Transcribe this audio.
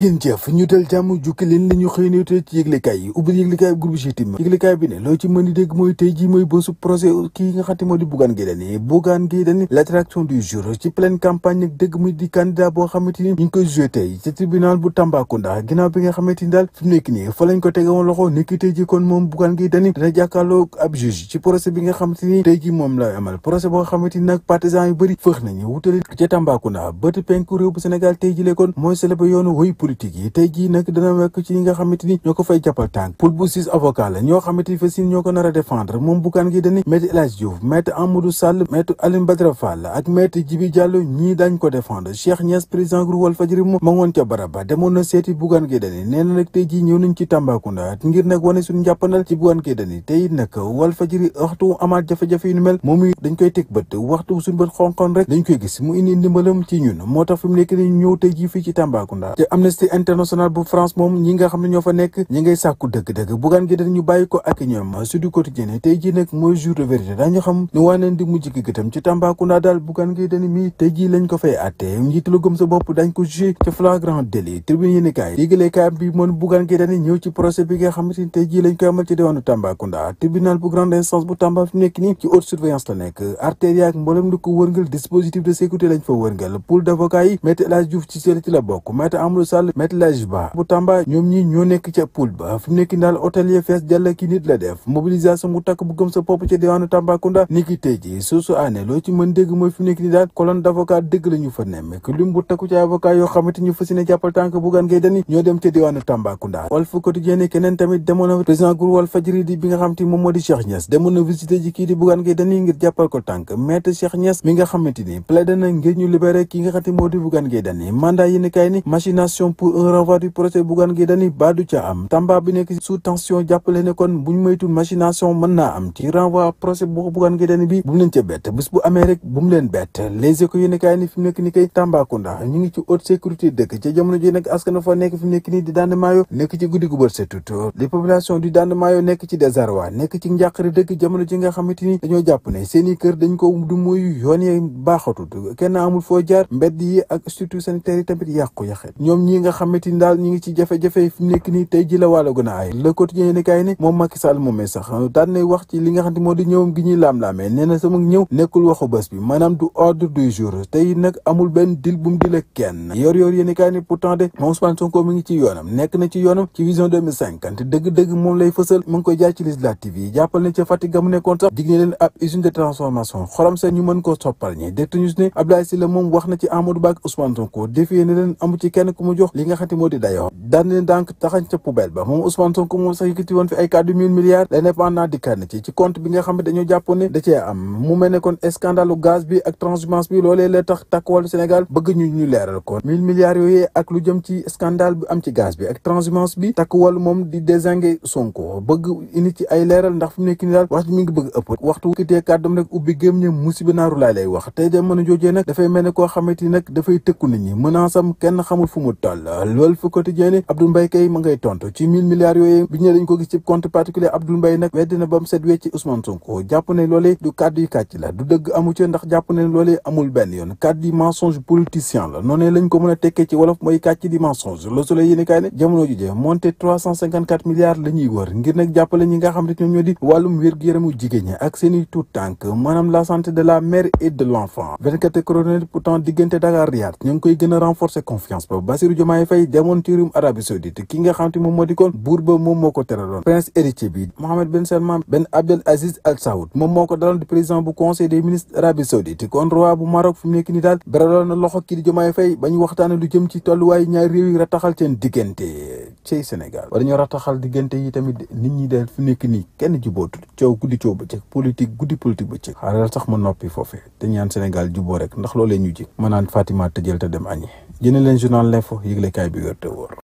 yéen jëf ñu del jàmm ci loo ci mën di dégg mooy tey ji mooy bésu boo xamante ni ñu ngi koy joué tey ci tribunal bu bi nga xamante ni daal mu nekk nii fa lañ ko tegoon moom Bougane Gueye Dany dana jàkkaarloo ci procès bi nga xamante ni tey ji moom la amal procès boo xamante ni nag partisan yu bëri fëx nañu wutali ca Tambacounda bëti penku réew bu Sénégal tey ji lee kon mooy célébrer yoonu wëy politique yi a président groupe Walfadjri mo ma ngoon ca baraba demoon na seeti Bougane Gueye Dany nee nag tey jii ñëw nañ ci Tambacounda ngir nag wane suñu njàppandal ci Bougane Gueye Dany tey nag Walfadjri waxtu amaat jafe-jafe yu nu mel moom dañ koy teg bët waxtu suñu bët xonqoon rek dañ koy gis mu indi ndimbalam ci ñun moo tax fi mu nekk ni ñëw tey jii fii ci Tambacounda te si international bu France moom ñi nga xam ne ñoo fa nekk ñi ngay sàkku dëgg-dëgg bugaan gi dañu bàyyi ko ak ñoom su du quotidien tey ji nag mooy jour de vérité dañu xam ñu waaneen di mujj gi gëtam ci Tambacounda daal bugaan gi dañu mi tey ji lañ ko fay atte njiitu la bopp dañ ko jugé ci flagrant délit tribune yéen kaay yéegalee kaay bi moom nga xamante ni tey ji lañ koy amal ci diwaanu Tambacounda tribunal bu grande instance bu nekk nii ci haute surveillance la nekk artère ak mboolem lu ko wërngal hôtel Metlaye Ba bu Tamba ñoom ñi ñoo nekk ca poul ba fu nekk daal hôtel ya jàll ki nit la def mobilisation bu takk bu gëm sa bopp ca diwaanu Tambacounda ni ki tey ji suusu année loo ci mën dégg mooy fu nekk ni daal colonne d'avocat dëgg la ñu fa nemmeek lim bu takku ci avocat yoo xamante ñu fas yéene jàppal tànk Bougane Gueye Dany ñoo dem ca diwaanu Tambacounda Walf Quotidien keneen tamit demoon na président groupe Walfadjri di bi nga xam te moom moo pour un renvoi du procès Bougane Gueye Dany ba du ca am Tamba bi nekk sous tension jàppale ne kon bu buñ moytul machination mën na am ci renvoi procès bu Bougane Gueye Dany bi bu mu leen ca bett bu amee rek bu mu leen bett les écoles yéen kaay ni nekk ni kay Tambacounda ñu ngi ci haute sécurité dëkk ca jamono ji nag askan fa nekk fi mu nekk nii di daan maayo nekk ci guddi gu bët di daan maayo nekk ci désarroi nekk ci njàqare dëkk jamono ji nga xamante ni dañoo jàpp ne seeni kër dañ ko du moyu yoon yi baaxatul kenn amul foo jar mbedd yi ak structures sanitaires yi tamit yàqu yaxet nga xamante ni daal ngi ci jafe-jafe fi nekk nii tey ji la wàllu aay le quotidien yéen kaay ni moom Macky Sall moomee sax daan nay wax ci li nga xam ne moom dëgg-dëgg moom lay fësal mu koy jaay ci yi jàppal na ca Fatick mu nekkoon sax dig ne leen ab usine de transformation xorom sa ñu mën koo soppal ñi dégg ñu ne Abdoulaye Sylla moom wax na ci Amadou Ba ak Ousmane Sonko defee ne leen amu ci kenn ku mu jox li nga xam ti moo di dayoo daan leen donc taxañ ca poubelle ba moom Ousmane Sonko moom sax yëkkati woon fi ay kàddu mille milliards l'indépendant dikkaat na ci ci compte bi nga xam dañoo jàppoon ne da transhumance bi takk wàllu bëgg ñu ñu leeral kon mille milliards ak lu jëm ci scandale am ci gaz bi ak transhumance bi takk moom di désingué Sonko bëgg indi ci ay leeral ndax fu mu nekk ni daal wax ji mi ngi bëgg ëpp waxtu yëkkatee kàddam rek ubbi gém wax tey de mën a joojee nag dafay mel ne koo xamante ni nag dafay tëkku nit ñi menace am kenn xamul fu mu toll la lool fu quotidien Abdoul Mbaye kay ma ngay tontu ci mille milliards yooyu bi ñu ne dañ ko gis ci compte particulier Abdoul Mbaye nag weddi ba mu set wecci Ousmane Sonko jàpp ne loolee du kàddu yi la du dëgg amu ci ndax jàpp ne amul benn yoon kàddu yi mensonge politicien la noonee lañ ko mën a tekkee ci wolof mooy kàcc di mensonge Le Soleil yéen kaay ne jamono jujee monté trois cent cinquante quatre milliards la ñuy wër ngir nag jàppale ñi nga xam ne ñoo di wàllum la santé a renforcer confiance ba Bassirou Diomaye Faye demoon ci réewum Arabie Saoudite nga xam te moom moo di kon buur ba moom moo ko teraloon prince héritier bi Mohammed Ben Salman Ben Abdel Aziz Al Saoud moom moo ko daloon président bu conseil des ministres Arabie Saoudite kon roi bu Maroc fi mu nekk ni daal beraloon na loxo kii di Diomaye Faye ba ñu waxtaane lu jëm ci tolluwaay ñaari réew yi rataxal seen diggante ci Sénégal wala ñoo rataxal diggante yi tamit nit ñi daal fu nekk nii kenn jubootul coow guddi coow bëccëg politique guddi politique bëccëg xaaral sax ma noppi foofee te ñaan Sénégal juboo rek ndax loolee ñu ji ma naan Fatima tëjël te dem añi jën leen journal l'info yëgle kaay bi wër te